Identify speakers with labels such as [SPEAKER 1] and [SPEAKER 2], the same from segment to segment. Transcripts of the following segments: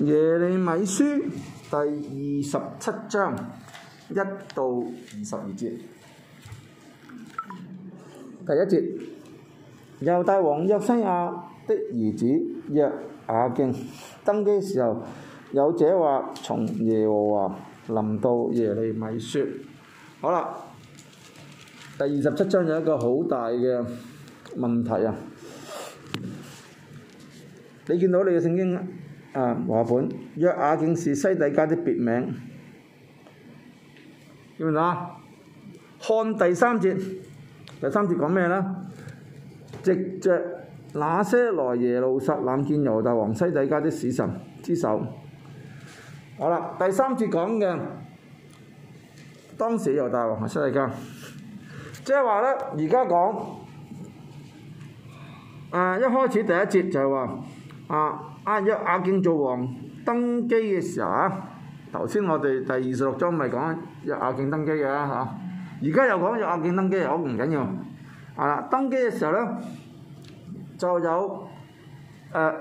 [SPEAKER 1] 耶利米書第二十七章一到二十二節，第一節，猶大王約西亞的兒子約雅敬登基時候，有這話從耶和華臨到耶利米說：好啦，第二十七章有一個好大嘅問題啊！你見到你嘅聖經？啊！華本，約雅敬是西底家的別名。要唔要啊？看第三節，第三節講咩呢？藉着那些來耶路撒冷見猶大王西底家的使臣之手，好啦，第三節講嘅當時猶大王西底家，即係話呢，而家講誒一開始第一節就係話。啊！阿約雅敬做王登基嘅時候啊，頭先我哋第二十六章咪講約雅敬登基嘅嚇，而家又講約雅敬登基，好唔緊要。係、啊、啦，登基嘅時候咧，就有誒、啊、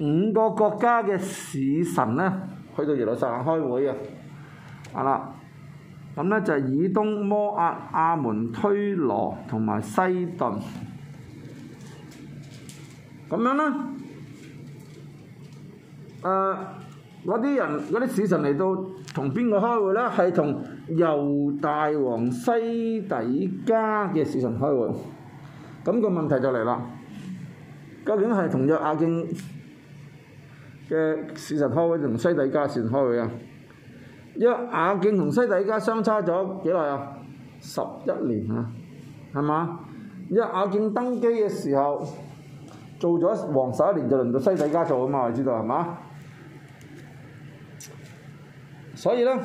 [SPEAKER 1] 五個國家嘅使臣咧，去到耶路撒冷開會嘅。係、啊、啦，咁、啊、咧就以東、摩押、亞捫、推羅同埋西頓，咁樣咧。啊。誒嗰啲人，嗰啲使臣嚟到同邊個開會咧？係同猶大王西底家嘅使臣開會。咁個問題就嚟啦，究竟係同咗阿敬嘅使臣開會，定西底家使臣開會啊？因為阿敬同西底家相差咗幾耐啊？十一年啊，係嘛？因為阿敬登基嘅時候做咗王十一年，就輪到西底家做啊嘛，你知道係嘛？所以呢，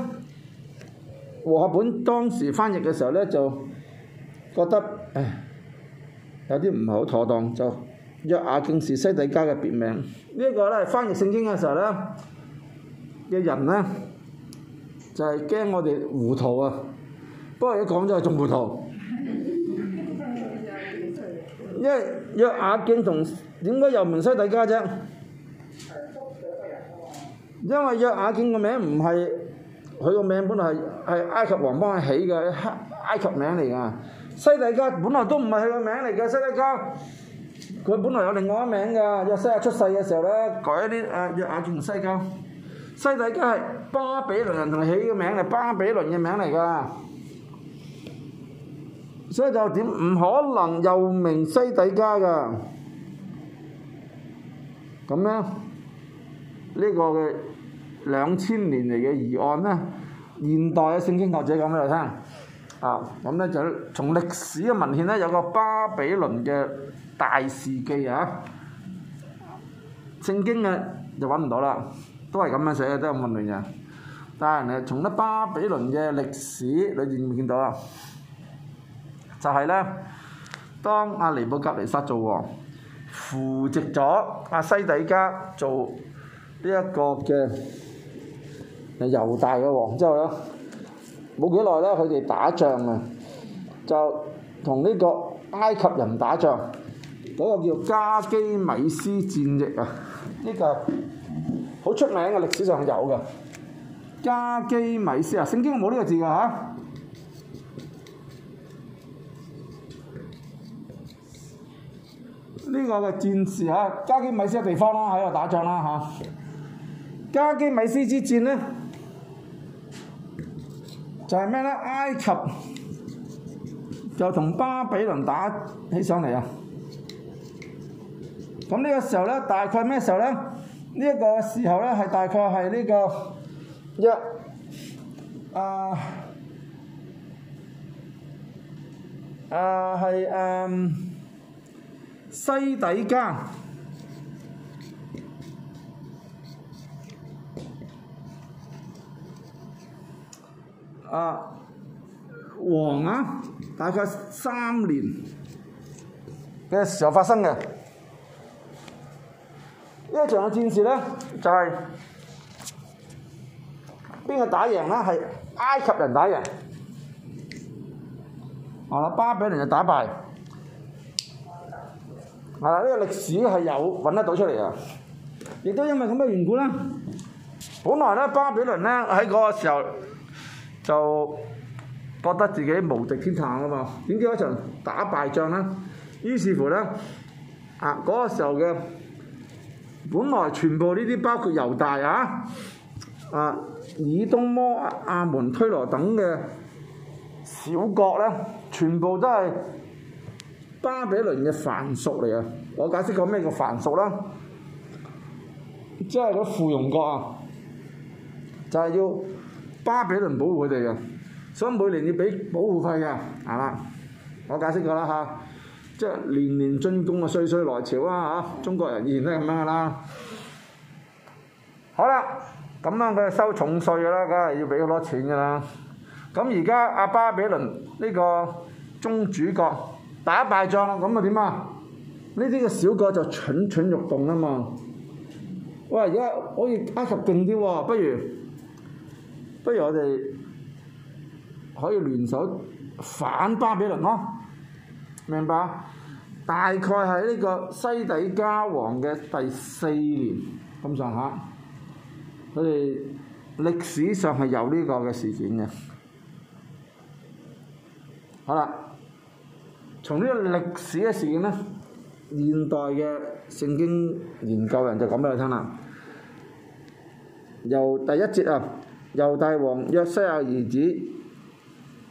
[SPEAKER 1] 和合本當時翻譯嘅時候呢，就覺得，唉，有啲唔係好妥當，就約雅敬是西底家嘅別名。這個、呢一個咧，翻譯聖經嘅時候呢，嘅人呢，就係、是、驚我哋糊塗啊！不過一講就係仲糊塗， 因為約雅敬同點解又唔係西底家啫？因為約亞敬嘅名唔係，佢個名本來係埃及王幫佢起嘅埃及名嚟㗎。西底家本來都唔係佢個名嚟嘅，西底家佢本來有另外一個名㗎、啊。約西亞出世嘅時候咧，改咗啲誒約亞敬同西底西底家係巴比倫人同佢起嘅名，嚟，巴比倫嘅名嚟㗎。所以就點唔可能又名西底家㗎？咁咧？呢個嘅兩千年嚟嘅疑案咧，現代嘅聖經學者講俾我聽，啊咁咧就從歷史嘅文獻咧，有個巴比倫嘅大事記啊，聖經嘅就揾唔到啦，都係咁樣寫，都係咁混亂嘅。但係你從咧巴比倫嘅歷史，你見唔見到啊？就係、是、咧，當阿尼布甲尼撒做王，扶植咗阿西底家做。呢一個嘅猶大嘅王之後呢，冇幾耐咧，佢哋打仗啊，就同呢個埃及人打仗。嗰、這個叫加基米斯戰役啊，呢、這個好出名嘅歷史上有嘅。加基米斯啊，聖經冇呢個字嘅嚇。呢、啊這個嘅戰事嚇、啊，加基米斯嘅地方啦，喺度打仗啦、啊加基米斯之戰咧，就係咩咧？埃及就同巴比倫打起上嚟啊！咁呢個時候咧，大概咩時候咧？呢一個時候咧，係大概係呢個一啊啊，係西底家。啊，王啊，大概三年嘅時候發生嘅。呢一場嘅戰事呢，就係、是、邊個打贏咧？係埃及人打贏，啊巴比倫就打敗。嗱、啊、呢、呢個歷史係有揾得到出嚟啊！亦都因為咁嘅緣故呢，本來呢，巴比倫呢喺嗰個時候。就覺得自己無敵天下啊嘛，點解一場打敗仗呢？於是乎呢，啊嗰、嗰個時候嘅本來全部呢啲包括猶大啊、啊以東、摩押、亞捫、推羅等嘅小國呢，全部都係巴比倫嘅藩屬嚟嘅。我解釋過咩叫藩屬啦，即係嗰附庸國啊，就係要。巴比倫保護佢哋嘅，所以每年要畀保護費嘅，係嘛？我解釋過啦嚇、啊，即係年年進貢嘅歲歲來朝啦。嚇、啊，中國人以前都咁樣噶啦。好、啊、啦，咁樣佢收重稅啦，梗係要畀好多錢㗎啦。咁而家阿巴比倫呢個宗主國打敗仗咁啊點啊？呢啲嘅小國就蠢蠢欲動啊嘛。喂，而家可以加十勁啲喎，不如？不如我哋可以聯手反巴比倫咯，明白？大概係呢個西底家王嘅第四年咁上下，佢哋歷史上係有呢個嘅事件嘅。好啦，從呢個歷史嘅事件咧，現代嘅聖經研究人就講俾你聽啦。由第一節啊～猶大王約西亞兒子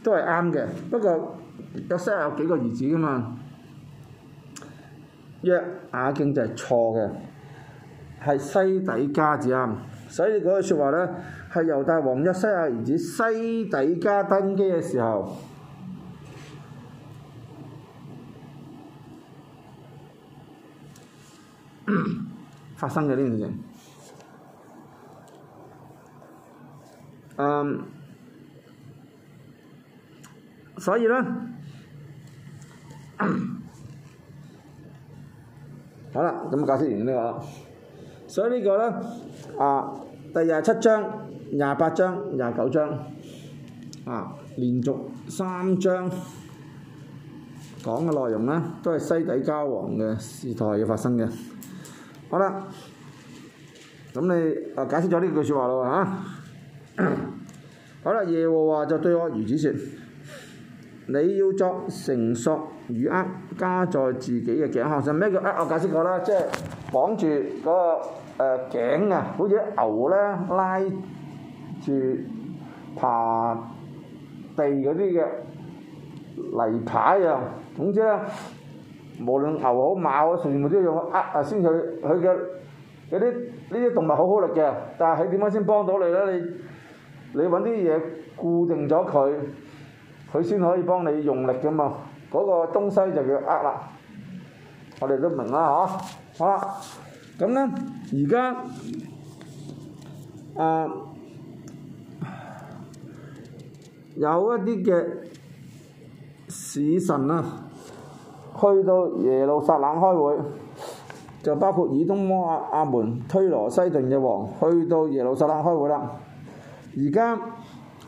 [SPEAKER 1] 都係啱嘅，不過約西亞有幾個兒子噶嘛？約雅敬就係錯嘅，係西底家至啱。所以嗰句説話咧，係猶大王約西亞兒子西底家登基嘅時候 發生嘅呢件事情。所以咧，好啦，咁解釋完呢個，所以呢個咧，啊，第廿七章、廿八章、廿九章，啊，連續三章講嘅內容咧，都係西底交王嘅時代要發生嘅，好啦，咁你啊解釋咗呢句說話咯吓。 好啦，耶和華就對我如此説：你要作繩索與軛，加在自己嘅頸項上。咩叫軛啊？我解釋過啦，即係綁住嗰、那個誒、呃、頸啊，好似牛咧拉住爬地嗰啲嘅泥牌啊。總之咧，無論牛好馬好，全部都要用軛啊，先至佢佢嘅啲呢啲動物好好力嘅。但係佢點樣先幫到你咧？你？你揾啲嘢固定咗佢，佢先可以幫你用力㗎嘛。嗰、那個東西就叫軛啦。我哋都明啦，吓、啊，好啦，咁呢，而家啊，有一啲嘅使臣啊，去到耶路撒冷開會，就包括以東、摩押、亞捫、推羅西頓嘅王，去到耶路撒冷開會啦。而家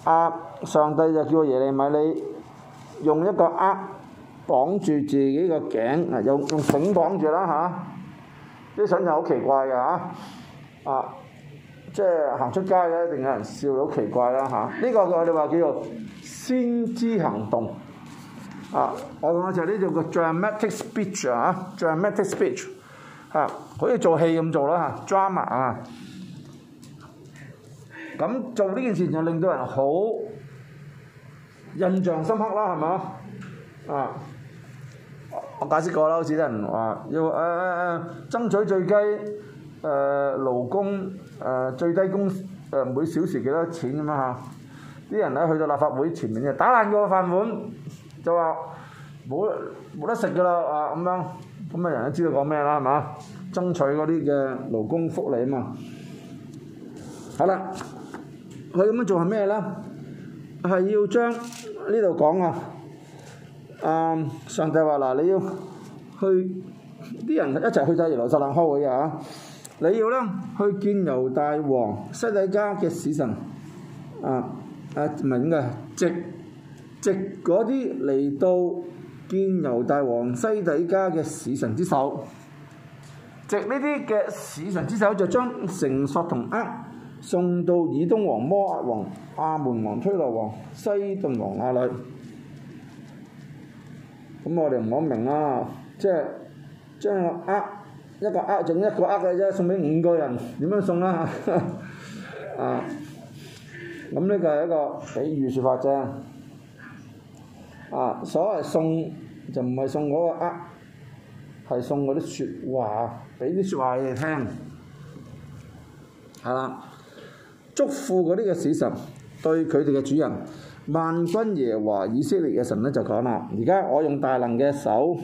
[SPEAKER 1] 阿上帝就叫我耶利米，你用一個軛綁住自己嘅頸，啊用用繩綁住啦吓，呢、啊、繩就好奇怪嘅吓，啊即係行出街咧，一定有人笑到奇怪啦吓，呢、啊呢個我哋話叫做先知行動，啊我講嘅就呢種嘅 dramatic speech 啊，dramatic speech 吓、啊，好似做戲咁做啦吓，drama 啊。Drama, 咁做呢件事就令到人好印象深刻啦，係嘛？啊，我解釋過啦，好似啲人話要誒誒誒爭取最低誒、呃、勞工誒、呃、最低工誒、呃、每小時幾多錢咁樣嚇，啲、啊、人咧去到立法會前面咧打爛個飯碗，就話冇冇得食噶啦啊，咁樣，咁啊人都知道講咩啦，係嘛？爭取嗰啲嘅勞工福利啊嘛，好啦。佢咁樣做係咩咧？係要將、嗯要啊、要呢度講啊！啊，上帝話嗱，你要去啲人一齊去曬耶路撒冷開會啊！你要咧去見猶大王西底家嘅使臣。啊啊，明嘅直直嗰啲嚟到見猶大王西底家嘅使臣之手，直呢啲嘅使臣之手就將繩索同軛。送到以東王、摩押王、亞捫王、推羅王、西頓王那裏，咁我哋唔講明啦，即係將個軛一個軛，仲一個軛嘅啫，送俾五個人，點樣送啦？ 啊，咁呢個係一個比喻説法啫。啊，所謂送就唔係送嗰個軛，係送嗰啲説話，畀啲説話佢哋聽，係、啊、啦。囑咐嗰啲嘅使臣，對佢哋嘅主人，萬軍耶和華以色列嘅神呢，就講啦，而家我用大能嘅手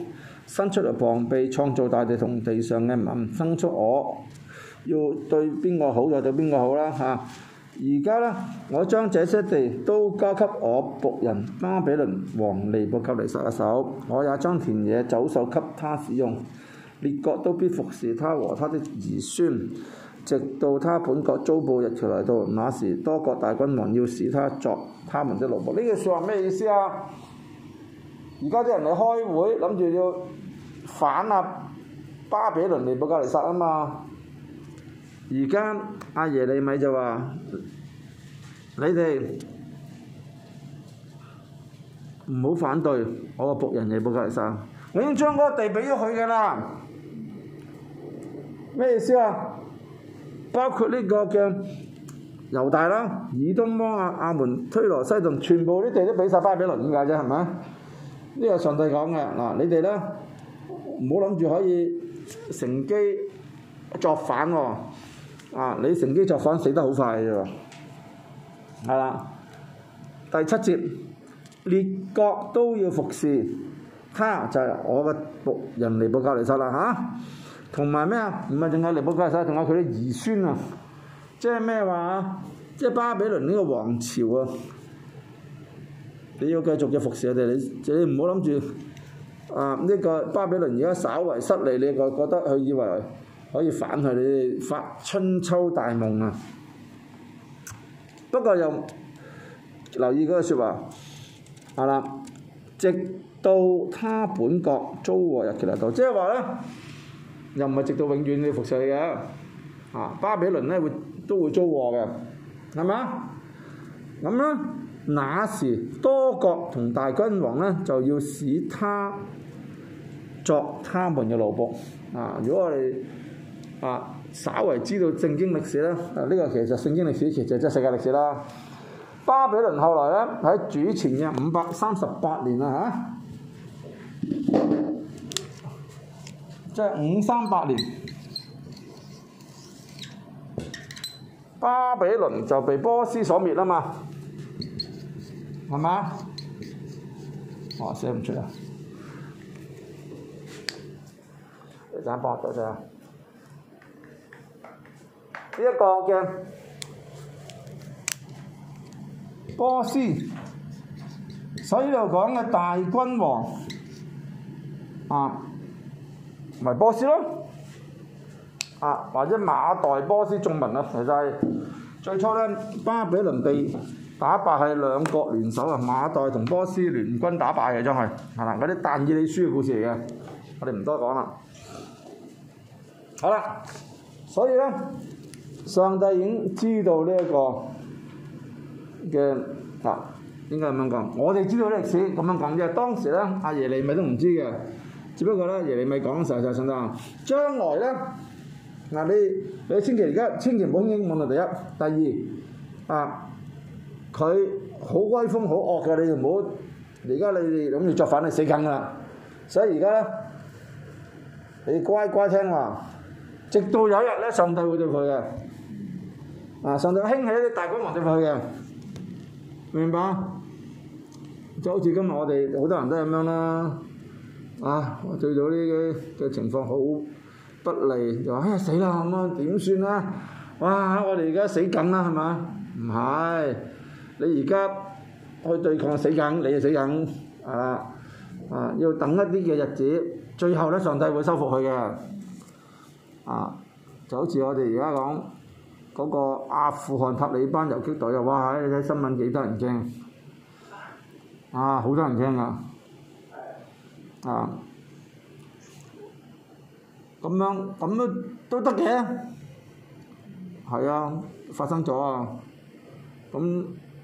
[SPEAKER 1] 伸出嚟膀臂，創造大地同地上嘅民，生出我要對邊個好就對邊個好啦嚇。而、啊、家呢，我將這些地都交給我僕人巴比倫王尼布甲尼撒嘅手，我也將田野走獸給他使用，列國都必服侍他和他的兒孫。直到他本國遭報的日期嚟到，那時多國大君王要使他作他們的奴僕，呢句說話咩意思啊？而家啲人嚟開會，諗住要反啊巴比倫尼布甲尼撒啊嘛！而家阿耶利米就話：你哋唔好反對我個僕人尼布甲尼撒。我已經將嗰個地畀咗佢㗎啦，咩意思啊？包括呢個嘅猶大啦、以東、摩押、亞捫、推羅西同全部啲地都俾曬巴比倫。點解啫，係咪？呢個上帝講嘅嗱，你哋咧唔好諗住可以乘機作反喎，啊你乘機作反死得好快嘅喎，係啦。第七節，列國都要服事他，就係我嘅僕人報仇嚟曬啦嚇。同埋咩啊？唔係淨係尼布甲尼撒，仲有佢啲兒孫啊！即係咩話啊？即係巴比倫呢個王朝啊！你要繼續嘅服侍佢哋，你你唔好諗住啊！呢個巴比倫而家稍為失利，你覺覺得佢以為可以反佢，你發春秋大夢啊！不過又留意嗰句説話，係啦，直到他本國遭禍日期嚟到，即係話咧。又唔係直到永遠要服侍嘅，啊巴比倫咧會都會遭禍嘅，係嘛？咁咧，那時多國同大君王咧就要使他作他們嘅奴僕。啊！如果我哋啊稍微知道聖經歷史咧，呢個其實聖經歷史、啊這個、其實史就即、是、係世界歷史啦。巴比倫後來咧喺主前嘅五百三十八年啦嚇。啊即係五三八年，巴比倫就被波斯所滅啦嘛，係咪？哦，寫唔出啦，廿八度咋？呢、這個講嘅波斯，所以就講嘅大君王啊。咪波斯咯，啊或者馬代波斯眾民啊，其實係最初咧巴比倫地打敗係兩國聯手啊，馬代同波斯聯軍打敗嘅，真係係啦，嗰啲但以理書嘅故事嚟嘅，我哋唔多講啦。好啦，所以咧上帝已經知道呢一個嘅啊，應該咁樣講，我哋知道啲歷史咁樣講啫，當時咧阿耶利米都唔知嘅。只不過咧，人哋咪講嘅時候就係咁啦。將來咧，啊，你你千祈而家千祈唔好硬頸，第一，第二啊，佢好威風好惡嘅，你唔好。而家你哋諗住作反，你死梗噶啦。所以而家呢，你乖乖聽話，直到有一日咧，上帝會對佢嘅。啊，上帝會興起一啲大君王對佢嘅，明白？就好似今日我哋好多人都係咁樣啦。啊！最早呢個嘅情況好不利，就話唉、哎、死啦咁啊點算啊？哇！我哋而家死緊啦係嘛？唔係你而家去對抗死緊，你就死緊啊啊，啊！要等一啲嘅日子，最後咧上帝會收復佢嘅啊！就好似我哋而家講嗰個阿富汗塔利班遊擊隊，啊！哇！你睇新聞幾多，啊、多人聽啊！好多人聽㗎。啊！咁樣咁都都得嘅，係啊，發生咗啊！咁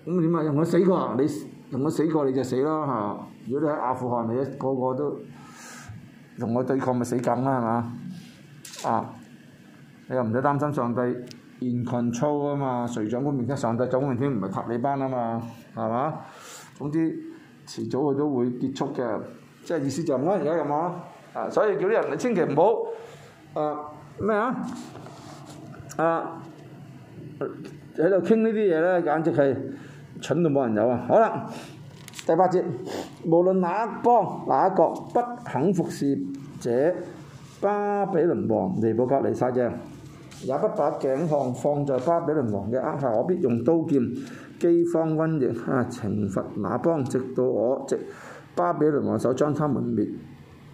[SPEAKER 1] 咁點啊？用我死過，你用我死過你就死啦嚇！如果你喺阿富汗你一個個都同我對抗，咪死梗啦係嘛？啊！你又唔使擔心上帝 in control 啊嘛，誰掌管明天？上帝掌管明天唔係塔利班啊嘛，係嘛？總之遲早佢都會結束嘅。即係意思就唔啱、啊，而家咁樣啊！所以叫啲人你千祈唔好，啊咩啊，啊喺度傾呢啲嘢咧，簡直係蠢到冇人有啊！好啦，第八節，嗯、無論哪一邦哪一國不肯服侍者，巴比倫王尼布甲尼撒正，也不把頸項放，放在巴比倫王嘅軛下，我必用刀劍、饑荒、瘟疫嚇、啊、懲罰哪邦，直到我即。直巴比倫王手將他們滅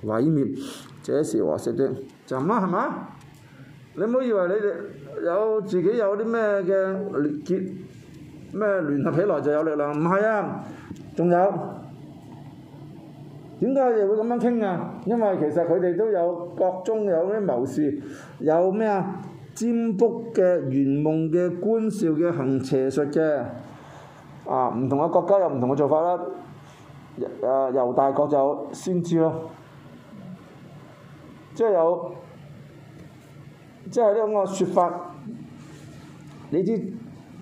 [SPEAKER 1] 毀滅，這是話說的，就咁啦，係嘛？你唔好以為你哋有自己有啲咩嘅連結，咩聯合起來就有力量，唔係啊，仲有點解佢哋會咁樣傾啊？因為其實佢哋都有國中有啲謀士，有咩啊？占卜嘅、圓夢嘅、觀兆嘅、行邪術嘅，啊，唔同嘅國家有唔同嘅做法啦。誒由大國就有先知咯，即係有，即係呢種嘅説法。你知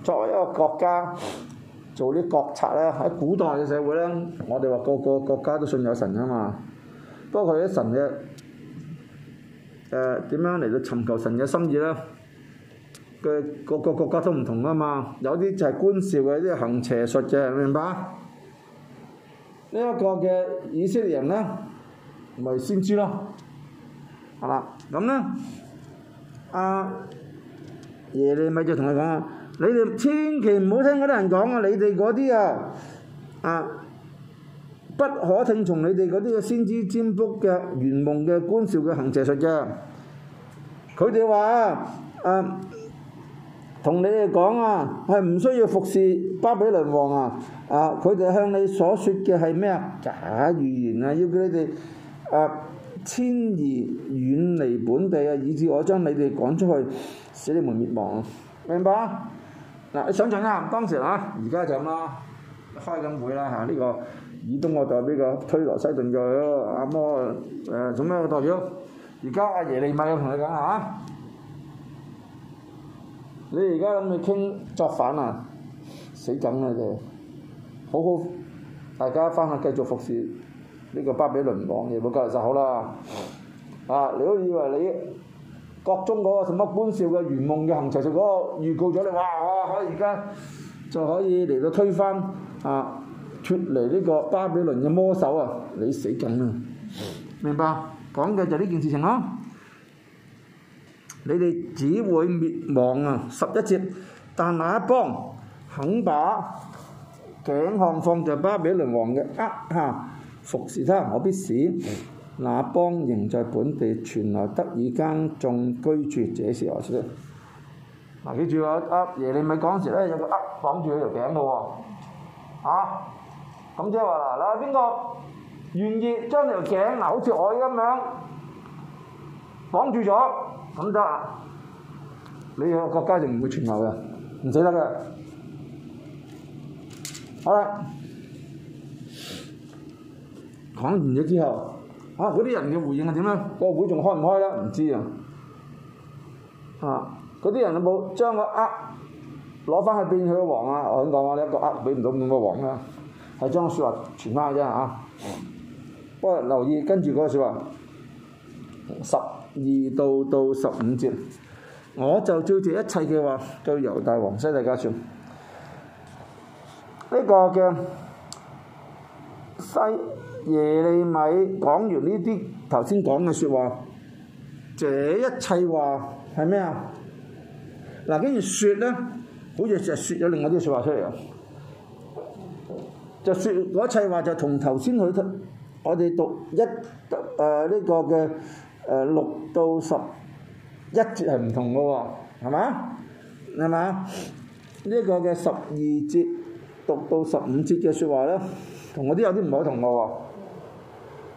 [SPEAKER 1] 作為一個國家做啲國策咧，喺古代嘅社會咧，我哋話個個國家都信有神啊嘛。不過佢啲神嘅誒點樣嚟到尋求神嘅心意咧？佢個個國家都唔同啊嘛，有啲就係觀兆嘅，有啲行邪術嘅，明白？呢一個嘅以色列人咧，咪、就是、先知咯，好、啊、啦，咁咧，阿耶利米就同佢講：你哋千祈唔好聽嗰啲人講啊，你哋嗰啲啊，啊，不可聽從你哋嗰啲嘅先知占卜嘅、圓夢嘅、觀兆嘅、行邪術嘅，佢哋話啊，啊！同你哋講啊，係唔需要服侍巴比倫王啊！啊，佢哋向你所說嘅係咩啊？假預言啊！要叫你哋啊遷移遠離本地啊，以致我將你哋趕出去，使你們滅亡、啊。明白？嗱、啊，你想象一下當時嚇、啊，而家就咁咯，開緊會啦嚇。呢、啊呢個以東我代表、呢個，推羅西頓嘅阿摩，誒、啊啊啊啊啊啊、做咩代表？而家耶利米要同你講下、啊。你而家咁去傾作反啊？死梗啦！你好好大家翻去繼續服侍呢個巴比倫王，有冇今日就好啦？啊！你都以為你國中嗰個什麼官少嘅圓夢嘅行齊就嗰個預告咗你，哇！我而家就可以嚟到推翻啊，脫離呢個巴比倫嘅魔手啊！你死梗啦！明白講嘅就係呢件事情咯、啊。你哋只會滅亡啊！十一節，但那一邦肯把頸項放在巴比倫王嘅軛下服侍他，我必使，那邦仍在本地，存留得以耕種居住。這是耶和華說的。嗱，記住喎，呃耶利米講時咧，有個軛綁住佢條頸嘅喎，嚇。咁即係話嗱，邊個願意將條頸啊，好似我咁樣綁住咗？咁得，你個國家就唔會存留嘅，唔使得嘅。好啦，講完咗之後，啊嗰啲人嘅回應係點咧？個會仲開唔開咧？唔知啊。啊，嗰啲人有冇將個鴨攞翻去變佢、啊、個,個王啊？我咁講啊，一個鴨俾唔到五個王啦，係將個説話傳翻嘅啫嚇。不過留意，跟住個説話十。二度到十五節，我就照住一切嘅話，就由大王西底家説呢個嘅西耶利米講完呢啲頭先講嘅説話，這一切話係咩啊？嗱，跟住説咧，好似就説咗另外啲説話出嚟，啊。就説嗰一切話就從頭先佢，我哋讀一誒呢、呃這個嘅。六到十一節係唔同嘅喎，係咪？係咪？這個、呢一個嘅十二節讀到十五節嘅説話咧，同嗰啲有啲唔同嘅喎。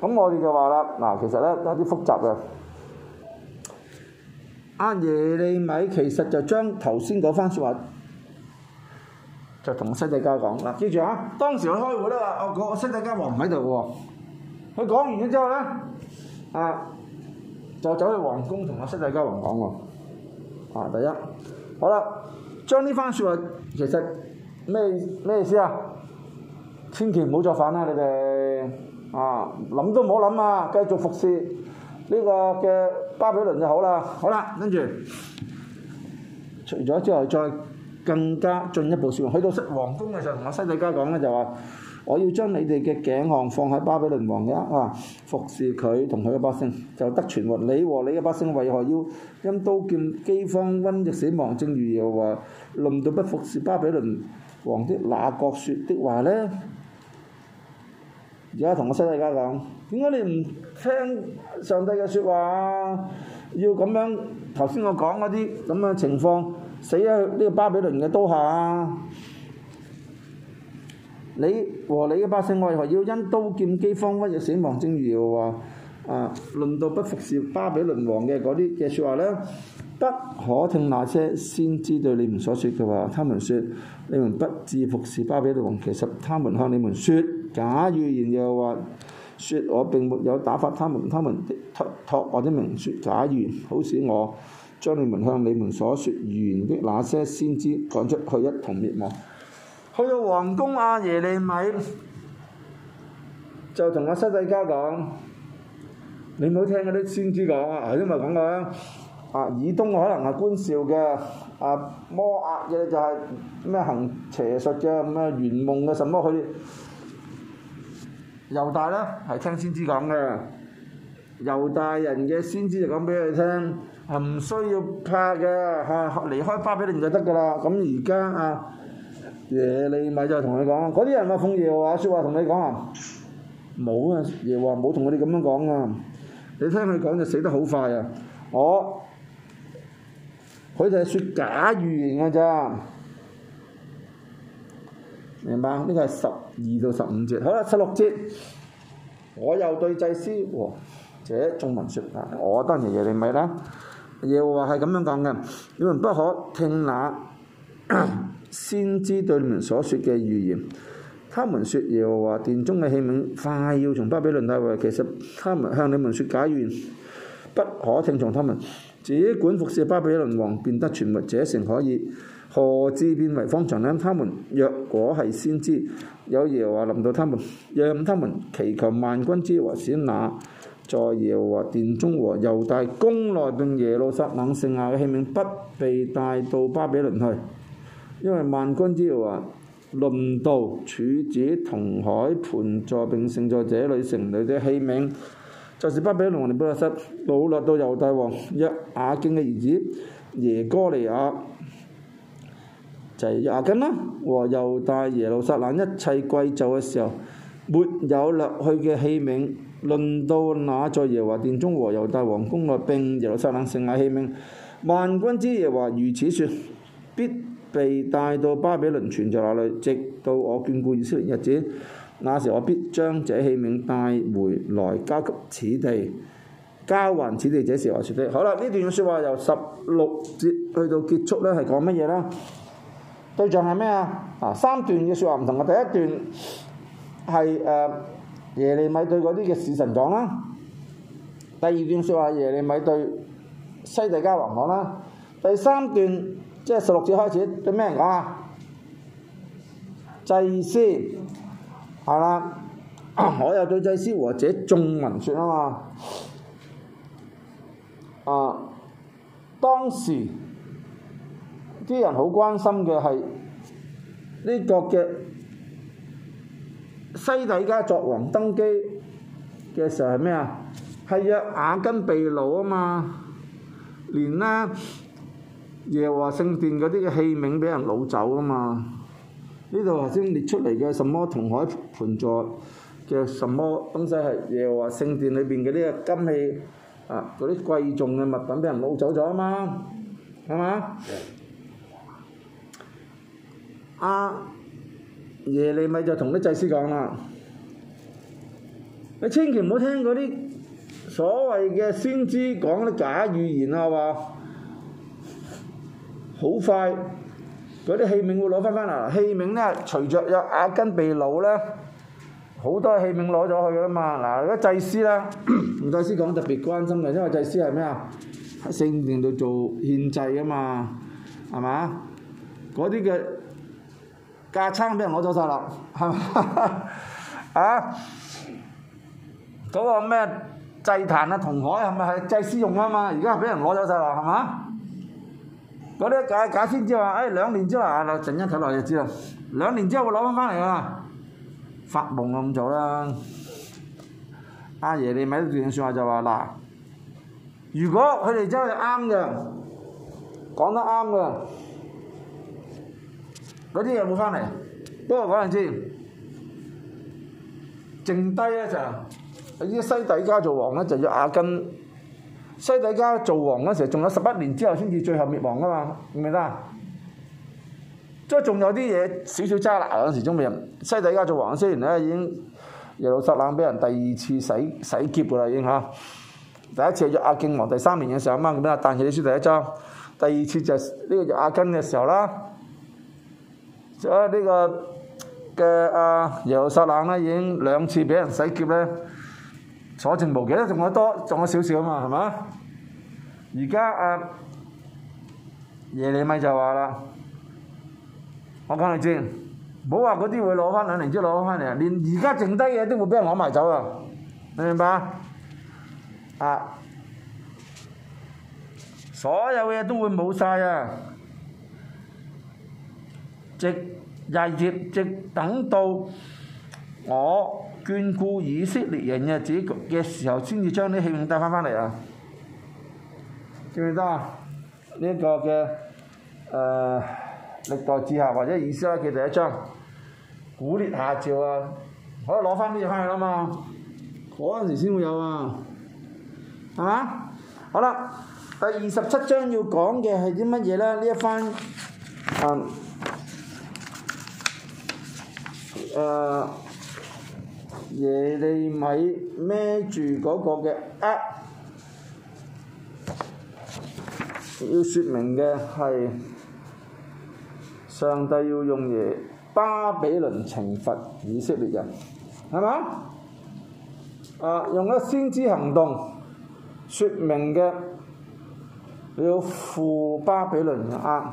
[SPEAKER 1] 咁我哋就話啦，嗱，其實咧都有啲複雜嘅。阿耶利米其實就將頭先嗰番説話就同個西底家講啦。記住啊，當時去開會啦。我我西底家王話唔喺度喎。佢講完咗之後咧，啊～就走去皇宮同阿西底家王講喎，啊，第一，好啦，將呢番説話其實咩咩意思啊？千祈唔好再反啦，你哋啊，諗都唔好諗啊，繼續服侍呢個嘅巴比倫就好啦。好啦，跟住除咗之後，再更加進一步説話，去到皇宮嘅時候，同阿西底家講咧就話。我要將你哋嘅頸項放喺巴比倫王嘅，啊服侍佢同佢嘅百姓就得存活。你和你嘅百姓為何要因刀劍饑荒瘟疫死亡？正如又話，論、啊、到不服侍巴比倫王的哪國説的話呢？而家同我細細家講，點解你唔聽上帝嘅説話，要咁樣頭先我講嗰啲咁嘅情況，死喺呢個巴比倫嘅刀下啊！你和你嘅百姓為何要因刀劍饑荒瘟疫死亡？正如又話，啊，論到不服事巴比倫王嘅嗰啲嘅説話呢，不可聽那些先知對你們所説嘅話。他們說你們不致服事巴比倫王，其實他們向你們説假預言，又說，又話説我並沒有打發他們，他們，他們託託我的名説假預言，好使我將你們向你們所説預言的那些先知趕出去一同滅亡。去到皇宮，阿耶利米就同阿西底家講，你唔好聽嗰啲先知講啊！因為咁樣啊，以東可能係觀兆嘅，啊摩押嘅就係、是、咩行邪術嘅，咁啊圓夢嘅什麼佢猶大咧係聽先知講嘅，猶大人嘅先知就講俾佢聽，唔、啊、需要怕嘅嚇、啊，離開巴比倫就得噶啦。咁而家啊～耶利米你！你咪就係同你講啊，嗰啲人啊奉耶華說話説話同你講啊，冇啊！耶華冇同我哋咁樣講啊，你聽佢講就死得好快啊！我佢就係説假語言啊。咋明白？呢個係十二到十五節，好、嗯、啦，十六節，我又對祭司和者眾民説啊，我當然耶利米啦，耶華係咁樣講嘅，你們不可聽那。 先知對你們所說嘅預言，他們説耶和華殿中嘅器皿快要從巴比倫帶回，其實他們向你們説假言，不可聽從他們。只管服侍巴比倫王變得全沒，者，成可以？何至變為方長呢？他們若果係先知，有耶和華臨到他們，讓他們祈求萬軍之耶和華，使那在耶和華殿中和猶大宮內並耶路撒冷剩下嘅器皿不被帶到巴比倫去。因為萬軍之耶和華，論到柱子銅海盆座並盛在這裏城裏的器皿，就是巴比倫王殿保羅老擄掠到猶大王約雅敬嘅兒子耶哥尼雅，就係約雅斤啦，和猶大耶路撒冷一切貴冑嘅時候，沒有落去嘅器皿，論到那在耶和華殿中和猶大王宮內並耶路撒冷剩下器皿，萬軍之耶和華如此説，必。被帶到巴比倫存在那裡，直到我眷顧以色列日子，那時我必將這器皿帶回來交給此地交還此地，這是我說的。好啦，呢段說話由十六節去到結束咧，係講乜嘢咧？對象係咩啊？啊，三段嘅說話唔同嘅。第一段係誒耶利米對嗰啲嘅使臣講啦，第二段說話耶利米對西底家王講啦，第三段。即係十六字開始對咩人講啊？祭司係啦，我又對祭司和者眾民説啊嘛。啊，當時啲人好關心嘅係呢個嘅西底家作王登基嘅時候係咩啊？係約雅斤被擄啊嘛，連啦。耶華聖殿嗰啲嘅器皿俾人攞走啦嘛？呢度頭先列出嚟嘅什麼銅海盤座，嘅什麼東西係，耶華聖殿裏邊嘅啲金器啊，嗰啲貴重嘅物品俾人攞走咗啊嘛，係嘛？嗯、啊，耶利米就同啲祭司講啦，你千祈唔好聽嗰啲所謂嘅先知講啲假語言啦，係嘛？好快嗰啲器皿會攞翻翻嚟，器皿咧隨着有阿根被攞咧，好多器皿攞咗去噶啦嘛。嗱，而家祭司咧，吳 祭司講特別關心嘅，因為祭司係咩 啊？喺聖殿度做獻祭啊嘛，係嘛？嗰啲嘅架撐俾人攞咗晒啦，係嘛？啊，嗰個咩祭壇啊，銅海係咪係祭司用啊嘛？而家係俾人攞咗晒啦，係嘛？嗰啲假先知，即係話，誒兩年之後，嗱，靜一睇落就知道。兩年之後會攞翻翻嚟啊！發夢啊咁早啦！阿爺，你咪一段話就話嗱，如果佢哋真係啱嘅，講得啱嘅，嗰啲有冇翻嚟？不過講陣先，剩低咧就，依啲西底家做王咧就要阿根。西底家做王嗰時候，仲有十一年之後先至最後滅亡噶嘛，明唔明啊？即係仲有啲嘢少少渣啦，嗰時中未人西底家做王，雖然咧已經耶路撒冷俾人第二次洗洗劫噶啦，已經吓，第一次係約阿敬王第三年嘅時候掹咁俾但以理書第一章，第二次就呢、是這個就約阿根嘅時候啦。所以、這個啊、呢個嘅阿耶路撒冷咧已經兩次俾人洗劫咧。所剩無幾都仲有多，仲有少少啊嘛，係嘛？而家阿耶利米就話啦，我講你聽，唔好話嗰啲會攞返兩年，即攞返嚟，連而家剩低嘢都會俾人攞埋走啊！你明白啊？所有嘢都會冇曬呀。」直日夜直等到我，眷顧以色列人嘅，自己嘅時候先至將啲器皿帶翻翻嚟啊！記唔、這個呃、記得啊？呢一個嘅誒歷代志下或者以斯拉記第一章，古列下詔啊，好攞翻啲嘢翻去啦嘛！嗰陣時先會有啊，係嘛？好啦，第二十七章要講嘅係啲乜嘢呢？呢一翻誒誒。嗯呃耶利米孭住嗰個嘅軛，要説明嘅係上帝要用耶巴比倫懲罰以色列人，係嘛？啊，用咗先知行動説明嘅，你要負巴比倫嘅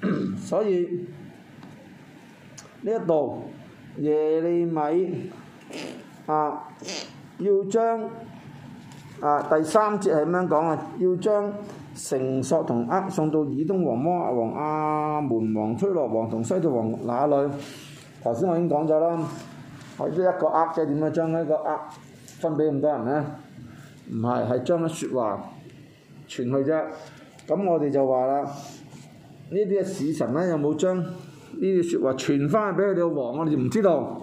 [SPEAKER 1] 軛，所以呢一度。耶利米啊，要將啊第三節係咁樣講啊，要將繩索同軛送到以東王、摩押王亞、啊、捫王、推羅王同西頓王那裏。頭先我已經講咗啦，我都一個軛啫，點解將呢個軛分俾咁多人呢？唔係，係將啲説話傳去啫。咁我哋就話啦，呢啲嘅使臣咧有冇將？呢啲説話傳翻俾佢哋個王，我哋唔知道。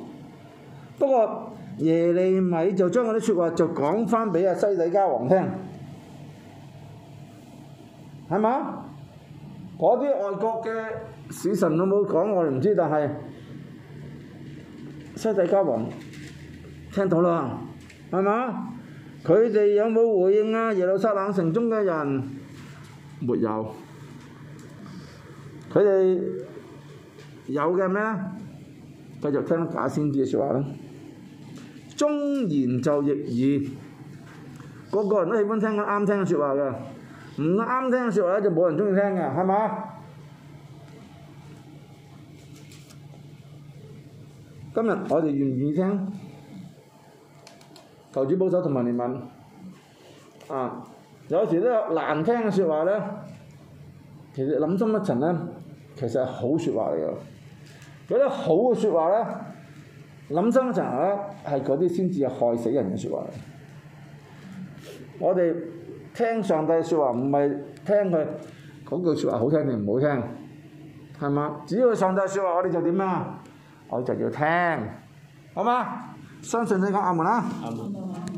[SPEAKER 1] 不過耶利米就將嗰啲説話就講翻俾阿西底家王聽，係嘛？嗰啲外國嘅使臣都冇講我哋唔知道，但係西底家王聽到啦，係嘛？佢哋有冇回應啊？耶路撒冷城中嘅人沒有，佢哋。有嘅咩？繼續聽假先知嘅説話啦。忠言就逆耳，個個人都喜歡聽啱聽嘅説話嘅，唔啱聽嘅説話咧就冇人中意聽嘅，係嘛？今日我哋願唔願意聽？求主保守同埋憐憫啊！有時咧難聽嘅説話咧，其實諗深一層咧，其實係好説話嚟嘅。嗰啲好嘅説話咧，諗真一層咧，係嗰啲先至係害死人嘅説話。我哋聽上帝説話，唔係聽佢講句説話好聽定唔好聽，係嘛？只要上帝説話，我哋就點啊？我就要聽，好嗎？相信你講阿門啦、啊。阿門。